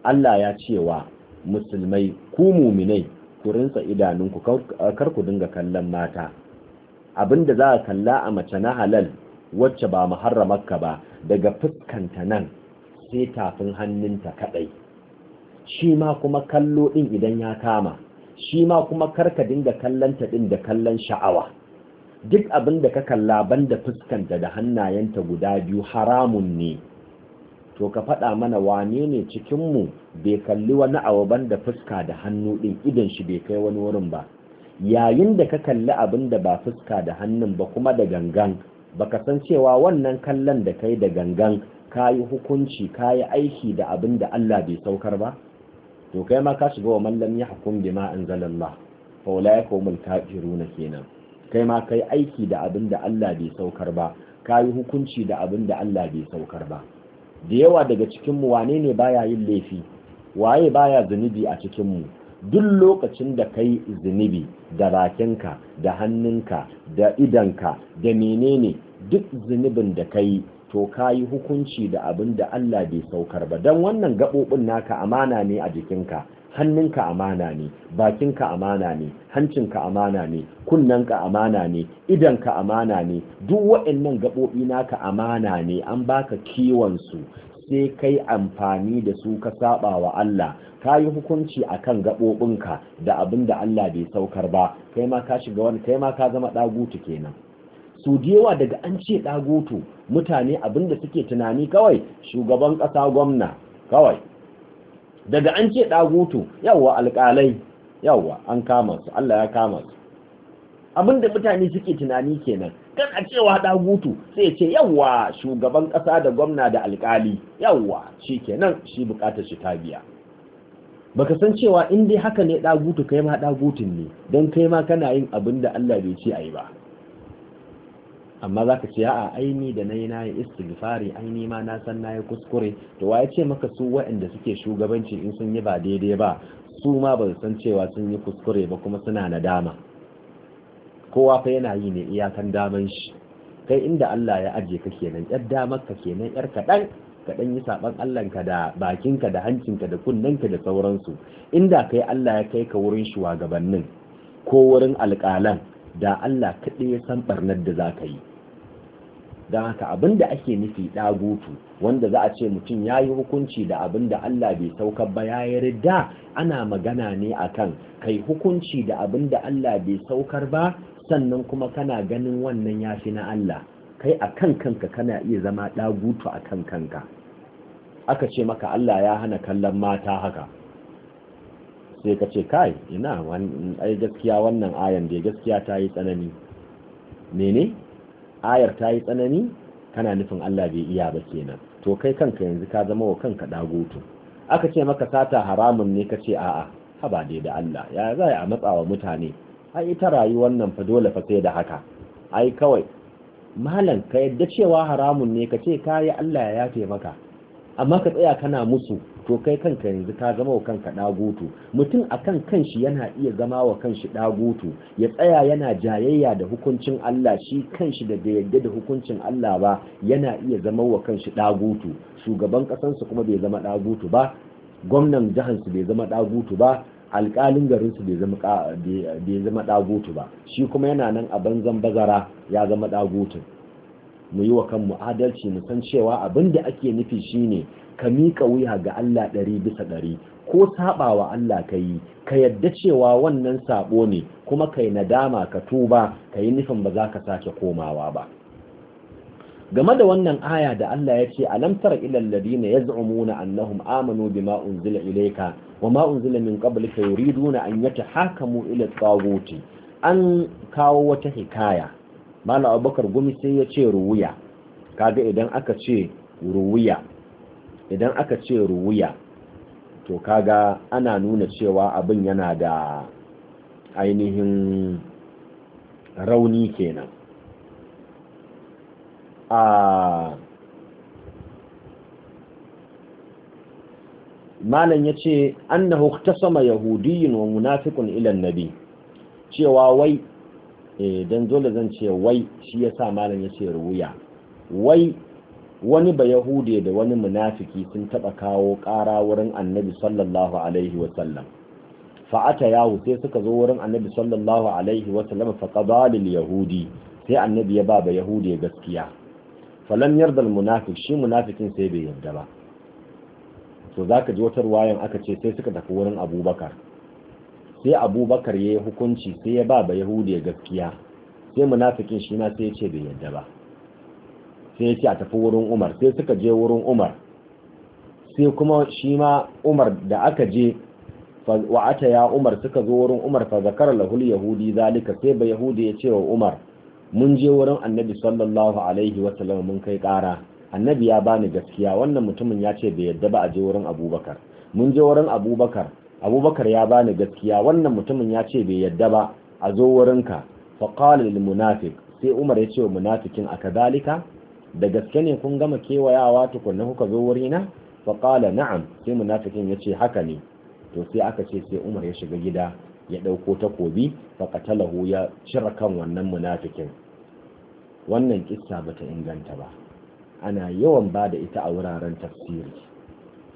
Allah ya ce wa musulmai ku muminai ku rinsa idanunku kar ku dinga kallon mata abinda za a kalla a mace na halal wacce ba muharramarka ba daga fuskanta nan sai tafin hannunta kadai shi ma kuma kallo din idan ya kama shi ma kuma karka dinga kallanta din da kallon sha'awa duk abinda ka kalla banda fuskanta da hannayenta guda biyu haramun ne to ka faɗa mana wane ne cikinmu bai kalli wani abu ban da fuska da hannu ɗin idan shi bai kai wani wurin ba yayin da ka kalli abin da ba fuska da hannun ba kuma da gangan baka san cewa wannan kallon da kai da gangan ka yi hukunci ka yi aiki da abin da Allah bai saukar ba to kai ma ka shiga wa mallam ya hukum bi ma anzalallah fa ulaika humul kafiruna kenan kai ma kai aiki da abin da Allah bai saukar ba ka yi hukunci da abin da Allah bai saukar ba da yawa daga cikinmu wane ne baya yin laifi waye baya zunubi a cikinmu duk lokacin da kai zunubi da bakinka da hannunka da idanka da menene duk zunubin da kai to ka yi hukunci da abinda Allah bai saukar ba don wannan gaɓoɓin naka amana ne a jikinka hannunka amana ne bakinka amana ne hancinka amana ne kunnenka amana ne idanka amana ne duk waɗannan gaɓoɓi naka amana ne an baka kiwon su sai kai amfani da su ka saba wa Allah ka yi hukunci akan gaɓoɓinka da abin da Allah bai saukar ba kai ma ka shiga wani kai ma ka zama ɗagutu kenan su yawa daga an ce ɗagutu mutane abin da suke tunani kawai shugaban ƙasa gwamna kawai daga an ce ɗagutu yawwa alƙalai yawwa an kama su Allah ya kama su da mutane suke tunani kenan kan a cewa ɗagutu sai ce yawwa shugaban ƙasa da gwamna da alƙali yawwa shi kenan shi buƙatar shi ta biya baka san cewa in dai haka ne ɗagutu kai ma ɗagutun ne don kai ma kana yin abin da Allah bai ce a yi ba amma za ka ce a aini da na yi na yi istighfari aini ma na san na yi kuskure to wa ce maka su waɗanda suke shugabanci in sun yi ba daidai ba su ma ba san cewa sun yi kuskure ba kuma suna nadama kowa fa yana yi ne iyakan daman shi kai inda Allah ya aje ka kenan yar damar ka kenan yar kaɗan ka ɗan yi saɓan Allahnka da bakinka da hancinka da ka da sauransu inda kai Allah ya kai ka wurin shugabannin ko wurin alƙalan da Allah kaɗai ya san ɓarnar da za ka yi don haka abin da ake nufi ɗagutu wanda za a ce mutum ya yi hukunci da abin da Allah bai saukar ba ya yi ridda ana magana ne akan kai hukunci da abin da Allah bai saukar ba sannan kuma kana ganin wannan ya fi na Allah kai a kan kanka kana iya zama ɗagutu a kan kanka aka ce maka Allah ya hana kallon mata haka sai ka ce kai ina ai gaskiya wannan ayan da gaskiya ta yi tsanani mene ayar ta yi tsanani kana nufin Allah bai iya ba kenan to kai kanka yanzu ka zama wa kanka dagutu aka ce maka sata haramun ne ka ce a'a haba dai da Allah ya za a matsa wa mutane ai ita rayuwar nan fa dole fa sai da haka ai kawai malam ka yadda cewa haramun ne ka ce kayi Allah ya yafe maka amma ka tsaya kana musu to kai kanka yanzu ka zama wa kanka ɗagutu mutum akan kanshi yana iya zama wa kanshi ɗagutu ya tsaya yana jayayya da hukuncin Allah shi kanshi da bai yadda da hukuncin Allah ba yana iya zama wa kanshi ɗagutu shugaban ƙasansu kuma bai zama ɗagutu ba gwamnan jihansu bai zama ɗagutu ba alƙalin garinsu bai zama ɗagutu ba shi kuma yana nan a banzan bazara ya zama ɗagutu mu yi wa kanmu adalci mu san cewa abin da ake nufi shine ka miƙa wuya ga Allah ɗari bisa ɗari ko saɓawa Allah ka yi ka yadda cewa wannan saɓo ne kuma kai nadama ka tuba ka yi nufin ba za ka sake komawa ba game da wannan aya da Allah ya ce alam tara ilal ladina yaz'umuna annahum amanu bima unzila ilayka wama unzila min qablika yuriduna an yatahakamu ila tawuti an kawo wata hikaya malam abubakar gumi sai ya ce ruwuya, kaga idan aka ce ruwuya, idan aka ce ruwuya to kaga ana nuna cewa abin yana da ainihin rauni kenan a malam ya ce annahu sama yahudiyin wa munafiqun ila nabi cewa wai E, dan dole zan ce wai shi yasa malam ya ce ruwiya wai wani ba yahude da wani munafiki sun taba kawo ƙara wurin annabi sallallahu alaihi wa sallam fa'ata yahu sai suka zo wurin annabi sallallahu alaihi wa sallam fa qadalil yahudi sai annabi ya ba ba gaskiya falam yarda munafik shi munafikin sai bai yarda ba to zaka ji wata ruwayan aka ce sai suka tafi wurin abubakar sai abubakar ya yi hukunci sai ya ba ba yahudiya gaskiya sai munafikin shi ma sai ya ce bai yadda ba sai ya ce a tafi wurin umar sai suka je wurin umar sai kuma shi ma umar da aka je wa'ata ya umar suka zo wurin umar fa zakar lahul yahudi zalika sai ba yahudi ya ce wa umar mun je wurin annabi sallallahu alaihi wa sallam mun kai kara annabi ya bani gaskiya wannan mutumin ya ce bai yadda ba a je wurin abubakar mun je wurin abubakar abubakar ya bani gaskiya wannan mutumin ya ce bai yadda ba a zo wurinka lil munafik sai umar ya ce wa munafikin a kazalika da gaske ne kun gama kewayawa tukunna kuka zo wurina qala na'am sai munafikin ya ce haka ne to sai aka ce sai umar ya shiga gida ya ɗauko takobi talahu ya cire kan wannan munafikin wannan kissa bata inganta ba ana yawan bada ita a wuraren tafsiri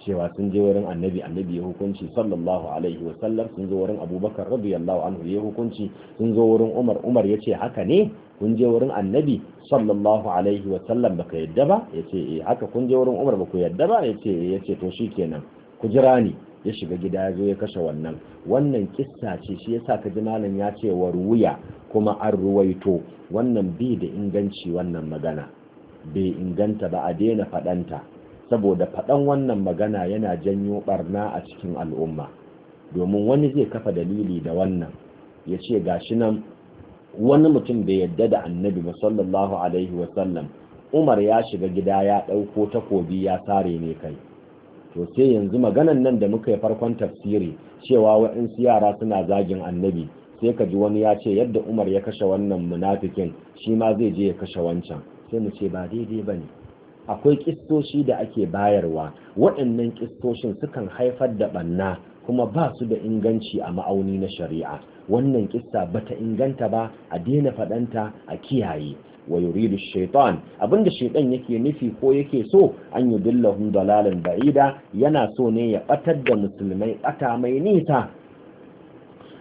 cewa sun je wurin annabi annabi ya hukunci sallallahu alaihi wasallam sun zo wurin abubakar radiyallahu anhu ya hukunci sun zo wurin umar umar ya ce haka ne kun je wurin annabi sallallahu alaihi wasallam baka yadda ba ya ce eh haka kun je wurin umar baku yadda ba ya ce ya ce to shikenan ku jira ni ya shiga gida ya zo ya kashe wannan wannan kissa ce shi ya sa kaji malam ya ce warwuya kuma an ruwaito wannan bi da inganci wannan magana bai inganta ba a daina faɗanta saboda faɗan wannan magana yana janyo ɓarna a cikin al'umma domin wani zai kafa dalili da wannan ya ce shi nan wani mutum bai yadda da annabi sallallahu alaihi wasallam umar ya shiga gida ya ɗauko takobi ya sare ne kai to sai yanzu maganan nan da muka yi farkon tafsiri cewa waɗansu yara suna zagin annabi sai ka ji wani ya ce yadda umar ya kashe wannan munafikin shi ma zai je ya kashe wancan sai mu ce ba daidai ba ne akwai kistoshi da ake bayarwa waɗannan kistoshin sukan haifar da ɓanna kuma ba su da inganci a ma'auni na shari'a wannan kissa bata inganta ba a daina faɗanta a kiyaye wa yuridu shaitan abinda shaitan yake nufi ko yake so an yi dillahun dalalin ba'ida yana so ne ya ɓatar da musulmai ɓata mai nisa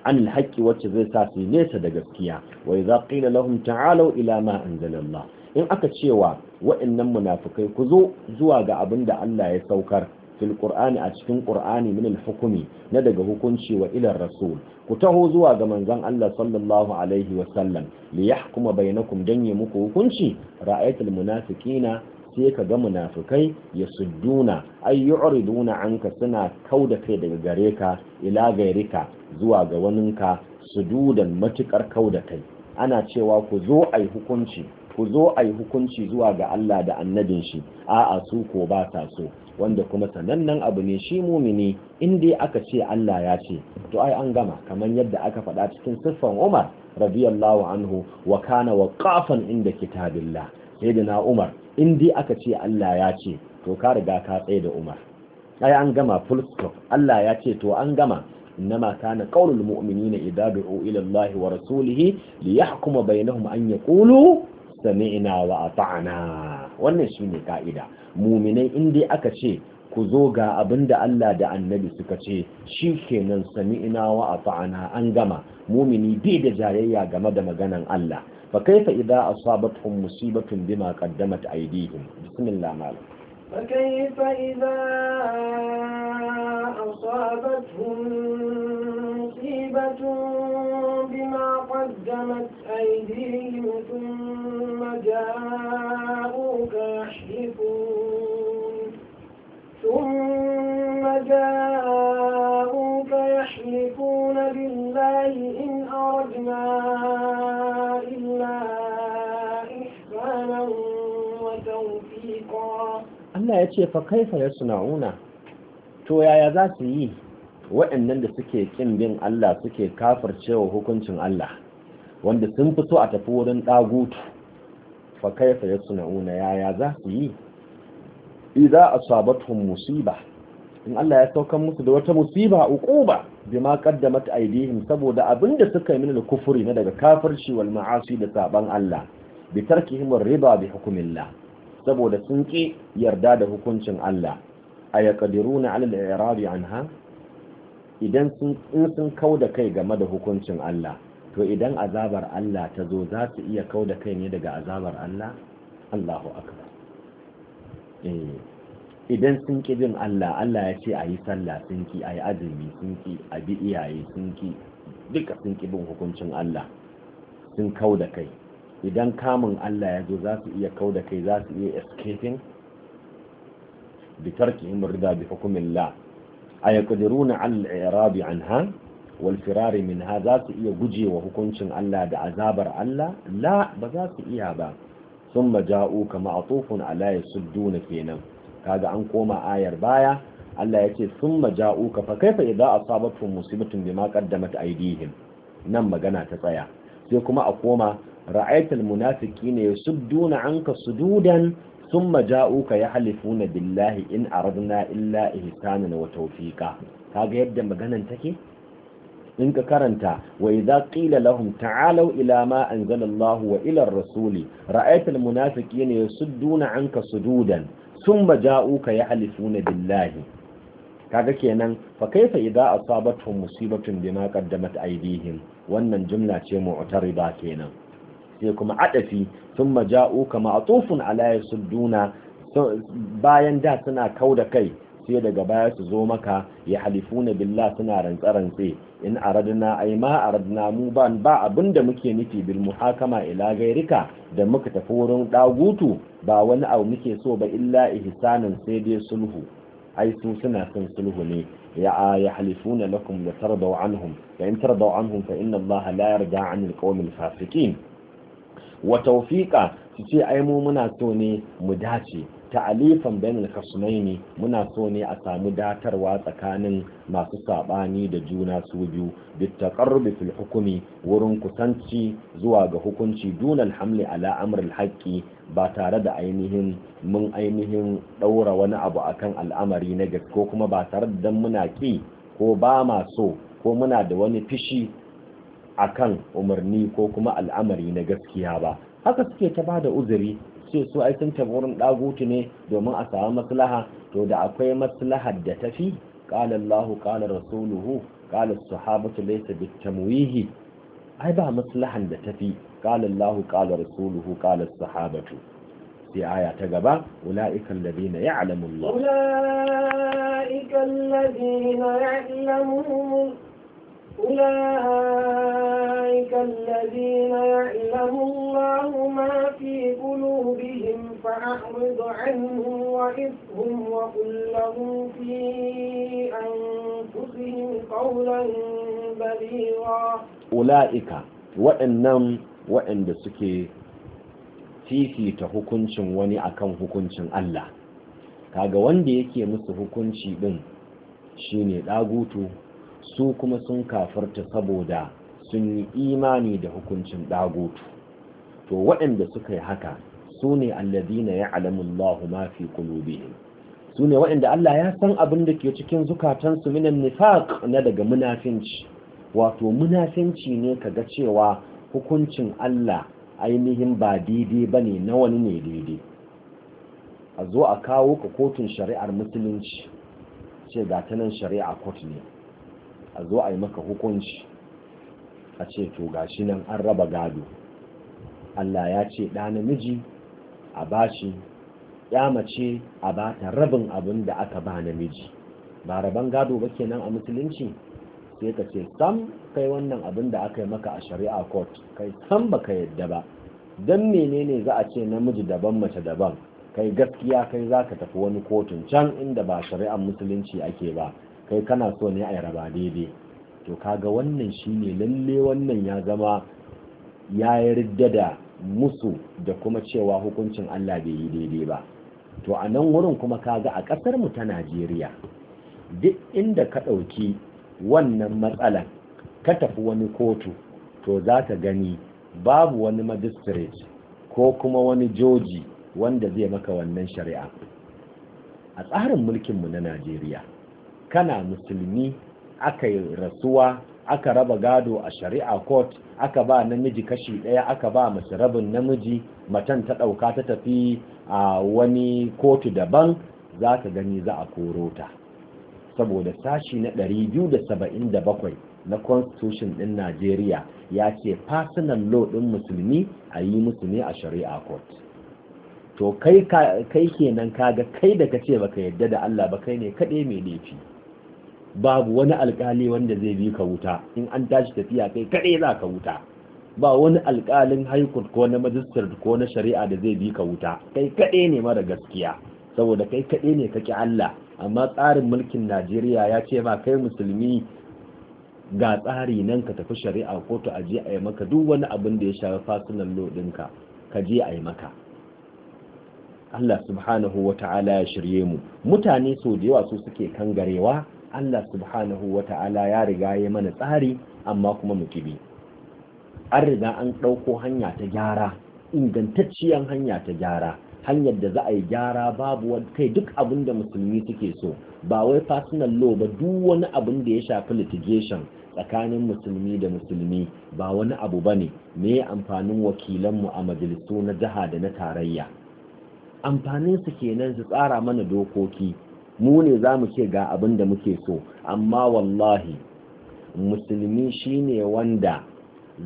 an alhaƙi wacce zai sa su nesa da gaskiya wa zaƙi qila lahum ta'alau ila ma anzalallah in aka cewa wa'annan munafikai ku zo zuwa ga abin da Allah ya saukar fil qur'ani a cikin qur'ani min al hukumi na daga hukunci wa ila rasul ku taho zuwa ga manzon Allah sallallahu alaihi wa sallam li yahkuma bainakum dan ya muku hukunci ra'ayatul munafiqina sai ka ga munafikai ya sudduna ay yu'riduna anka suna kauda kai daga gare ka ila gairika zuwa ga waninka sududan matukar kauda kai ana cewa ku zo ai hukunci ku zo a yi hukunci zuwa ga Allah da annabin shi a'a su ko ba ta so wanda kuma sanannen abu ne shi mumini in dai aka ce Allah ya ce to ai an gama kamar yadda aka faɗa cikin siffan Umar radiyallahu anhu wa kana wa qafan inda kitabillah na Umar in dai aka ce Allah ya ce to ka riga ka tsaye da Umar ai an gama full stop Allah ya ce to an gama إنما كان قول المؤمنين إذا دعوا إلى الله ورسوله ليحكم بينهم أن يقولوا sami'na wa ata'na wannan shine ka'ida muminai in dai aka ce ku zo ga abinda Allah da annabi suka ce shi kenan sami'na wa ata'na an gama mumini bai da jayayya game da maganan Allah fa kaifa idza asabatkum musibatun bima qaddamat aydihim rahmanir rahim فكيف إذا أصابتهم مصيبة بما قدمت أيديهم ثم جاءوك يحلفون ثم جاءوك يحلفون بالله إن أردنا Allah ya ce fa kaifa yasna'una to yaya za su yi waɗannan da suke kin bin Allah suke kafircewa hukuncin Allah wanda sun fito a tafi wurin dagutu fa kaifa yasna'una yaya za su yi idza asabatuhum musiba in Allah ya saukar musu da wata musiba uquba bima qaddamat aydihim saboda abinda suka yi min kufuri na daga kafirci wal ma'asi da saban Allah bi tarkihim riba bi hukmillah saboda sun ƙi yarda da hukuncin Allah a ya ƙadiruna alal an ha idan sun kau da kai game da hukuncin Allah to idan azabar Allah ta zo za su iya kau da kai ne daga azabar Allah Allahu akbar eh, idan sun ƙi bin Allah Allah ya ce a yi sallah sun ƙi a yi azumi sun ƙi a bi iyaye sun ƙi duka sun ƙi bin hukuncin Allah sun kau da kai idan kamun Allah ya zo za su iya kau da kai za su iya escaping bi tarki imrida bi ya ay yaqdiruna al i'rab anha wal firar minha za su iya wa hukuncin Allah da azabar Allah la ba za su iya ba ثم جاءوك معطوف على يسدون kenan kaga an koma ayar baya Allah ya ce sun maja'uka fa kaifa idza asabatuhum musibatun bima qaddamat aydihim nan magana ta tsaya sai kuma a koma ra'aytul munafiqina yasudduna anka sududan thumma ja'uka yahlifuna billahi in aradna illa ihsanan wa tawfiqa kaga yadda maganan take in ka karanta wa idza qila lahum ta'alu ila ma anzala Allah wa ila ar-rasuli ra'aytal munafiqina yasudduna anka sududan thumma ja'uka yahlifuna billahi kaga kenan fa kaifa idza asabatuhum musibatun bima qaddamat aydihim wannan jumla ce mu'tarida kenan sai kuma adafi sun maja'u kama atufun ala yasudduna bayan da suna kauda kai sai daga baya su zo maka ya halifuna billah suna rantsa-rantse in aradna ai ma aradna mu ba ba abinda muke nufi bil muhakama ila gairika da muka tafi wurin dagutu ba wani abu muke so ba illa ihsanin sai dai sulhu ai su suna son sulhu ne ya ya halifuna lakum da tardaw anhum fa in tardaw anhum fa inna allaha la yarda 'anil qawmil fasiqin wa tawfiqa su ce ai mu muna so ne mu dace ta Alifan bainal khasmaini muna so ne a samu datarwa tsakanin masu saɓani da juna su biyu bittaqarrub fil hukumi wurin kusanci zuwa ga hukunci dunal hamli ala amril haqqi ba tare da ainihin mun ainihin daura wani abu akan al'amari na gaske ko kuma ba tare da muna ki ko ba ma so ko muna da wani fishi akan umarni ko kuma al'amari na gaskiya ba haka suke ta bada uzuri ce su ai sun tafi wurin dagutu ne domin a samu maslaha to da akwai maslahar da tafi qala Allah qala rasuluhu qala sahabatu laysa bitamwihi ai ba maslahan da tafi qala Allah qala rasuluhu qala sahabatu aya ta gaba ulaiikal ladina ya'lamu allah ulaiikal ladina ya'lamu أولئك الذين يعلم الله ما في قلوبهم فأحرض عنهم وإذهم وقل لهم في أنفسهم قولا بليغا أولئك وإنهم وإن fifi ta hukuncin wani akan hukuncin Allah kaga wanda yake musu hukunci din shine dagutu su kuma sun kafarta saboda sun yi imani da hukuncin ɗagutu to waɗanda suka yi haka su ne alladina ya alamullahu ma mafi kulubi? su ne waɗanda Allah ya san abin da ke cikin zukatansu minan nifaq na daga munafinci wato munafinci ne ka ga cewa hukuncin Allah ainihin ba daidai ba ne na wani ne daidai a zo a kawo ka kotun shari'ar musulunci ce ga tanan shari'a kot ne a zo a yi maka hukunci a ce to gashi nan an raba gado Allah ya ce ɗa namiji a bashi ya mace a bata rabin abin da aka ba namiji ba raban gado ba kenan a musulunci sai ka ce sam kai wannan abin da aka yi maka a shari'a court kai sam baka yadda ba don menene za a ce namiji daban mace daban kai gaskiya kai za ka tafi wani kotun can inda ba shari'ar musulunci ake ba kai kana so ne a raba daidai to kaga wannan shine lalle wannan ya zama ya yarda da musu da kuma cewa hukuncin Allah bai yi daidai ba to a nan wurin kuma kaga a ƙasar mu ta Najeriya duk inda ka ɗauki wannan matsalan ka tafi wani kotu to za ka gani babu wani magistrate ko kuma wani joji wanda zai maka wannan shari'a a tsarin mulkinmu na Najeriya kana musulmi aka yi rasuwa aka raba gado a shari'a court aka ba namiji kashi ɗaya aka ba mace rabin namiji matan ta ɗauka ta tafi a wani kotu daban za ka gani za a koro ta saboda sashi na 277 na constitution ɗin najeriya ya ce personal law ɗin musulmi a yi musu ne a shari'a court to kai kenan kaga kai da ka ce baka yadda da allah ba kai ne kaɗai mai laifi babu wani alkali wanda zai bi ka wuta in an tashi tafiya kai kaɗai za ka wuta ba wani alkalin haikut ko na majistar ko na shari'a da zai bi ka wuta kai kaɗai ne mara gaskiya saboda kai kaɗai ne ka ki Allah amma tsarin mulkin Najeriya ya ce ma kai musulmi ga tsari nan ka tafi shari'a ko to aje a yi maka duk wani abin da ya shafi fasunan lodinka ka je a maka Allah subhanahu wa ta'ala ya shirye mu mutane so da yawa su suke kangarewa Allah subhanahu wa ta'ala ya riga ya mana tsari amma kuma mu kibi an riga an ɗauko hanya ta gyara ingantacciyar hanya ta gyara hanyar da za a yi gyara babu kai duk abin da musulmi suke so ba wai personal law ba duk wani abin da ya shafi litigation tsakanin musulmi da musulmi ba wani abu ba ne me amfanin wakilanmu a majalisu na jiha da na tarayya amfanin su kenan su tsara mana dokoki mu ne za mu ce ga abin da muke so amma wallahi musulmi shine wanda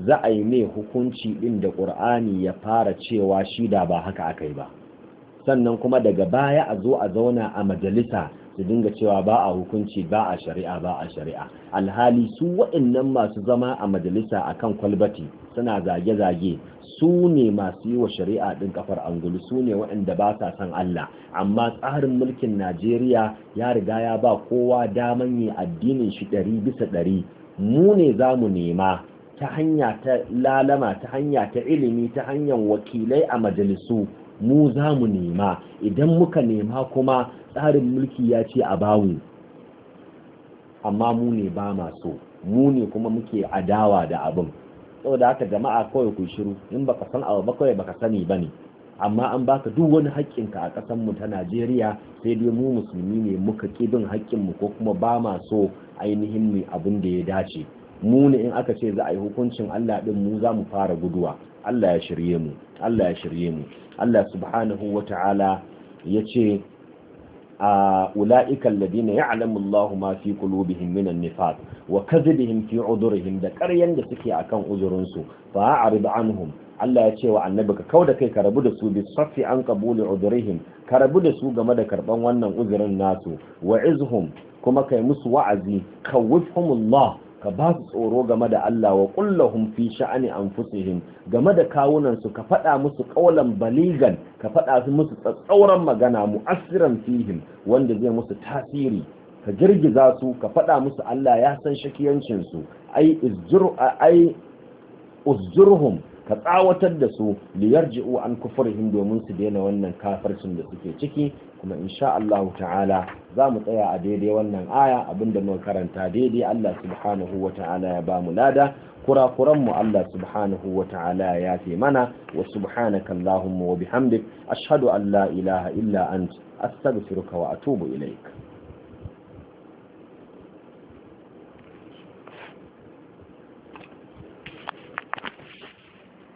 za a yi mai hukunci ɗin da ƙur'ani ya fara cewa shida ba haka aka yi ba sannan kuma daga baya a zo a zauna a majalisa su dinga cewa ba a hukunci ba a shari'a ba a shari'a alhali su waɗannan masu zama a majalisa a kan kwalbati suna zage-zage su ne masu yi wa shari'a ɗin kafar angulu su ne waɗanda ba sa san Allah amma tsarin mulkin Najeriya ya riga ya ba kowa daman yi addinin shi ɗari bisa ɗari mu ne za mu nema ta hanya ta lalama ta hanya ta ilimi ta hanyar wakilai a majalisu mu za mu nema idan muka nema kuma tsarin mulki ya ce a bawu amma mu ne ba masu mu ne kuma muke adawa da abin saboda haka jama'a kawai ku shiru in baka san abu ba kawai baka sani ba ne amma an baka duk wani haƙƙinka a ƙasar mu ta Najeriya sai dai mu musulmi ne muka ƙi bin haƙƙin mu ko kuma ba ma so ainihin mu abin da ya dace mu in aka ce za a yi hukuncin Allah din mu za mu fara guduwa Allah ya shirye mu Allah ya shirye mu Allah subhanahu wa ta'ala ya ce a ula'ika ladina ya'lamu Allahu ma fi qulubihim minan nifaq wa kadhibihim fi udurihim da ƙaryan da suke akan kan su fa a'rid anhum Allah ya ce wa annabi ka kauda kai ka rabu da su bi safi an qabuli udurihim ka rabu da su game da karban wannan uzurin nasu wa izhum kuma kai musu wa'azi khawifhumullah ka ba su tsoro game da Allah wa kullahum fi sha'ani anfusihim game da kawunan su ka faɗa musu ƙaulan baligan ka faɗa su musu tsatsauran magana mu'assiran fihim wanda zai musu tasiri ka girgiza su ka faɗa musu Allah ya san shakiyancin su ai ai uzjurhum ka tsawatar da su liyarji'u an kufurihim domin su daina wannan kafircin da suke ciki kuma insha Allah ta'ala za mu tsaya a daidai wannan aya abinda muka karanta daidai Allah subhanahu wa ta'ala ya ba mu lada kurakuran mu Allah subhanahu wa ta'ala ya fi mana wa subhanaka Allahumma wa bihamdik ashhadu an la ilaha illa ant astaghfiruka wa atubu ilaik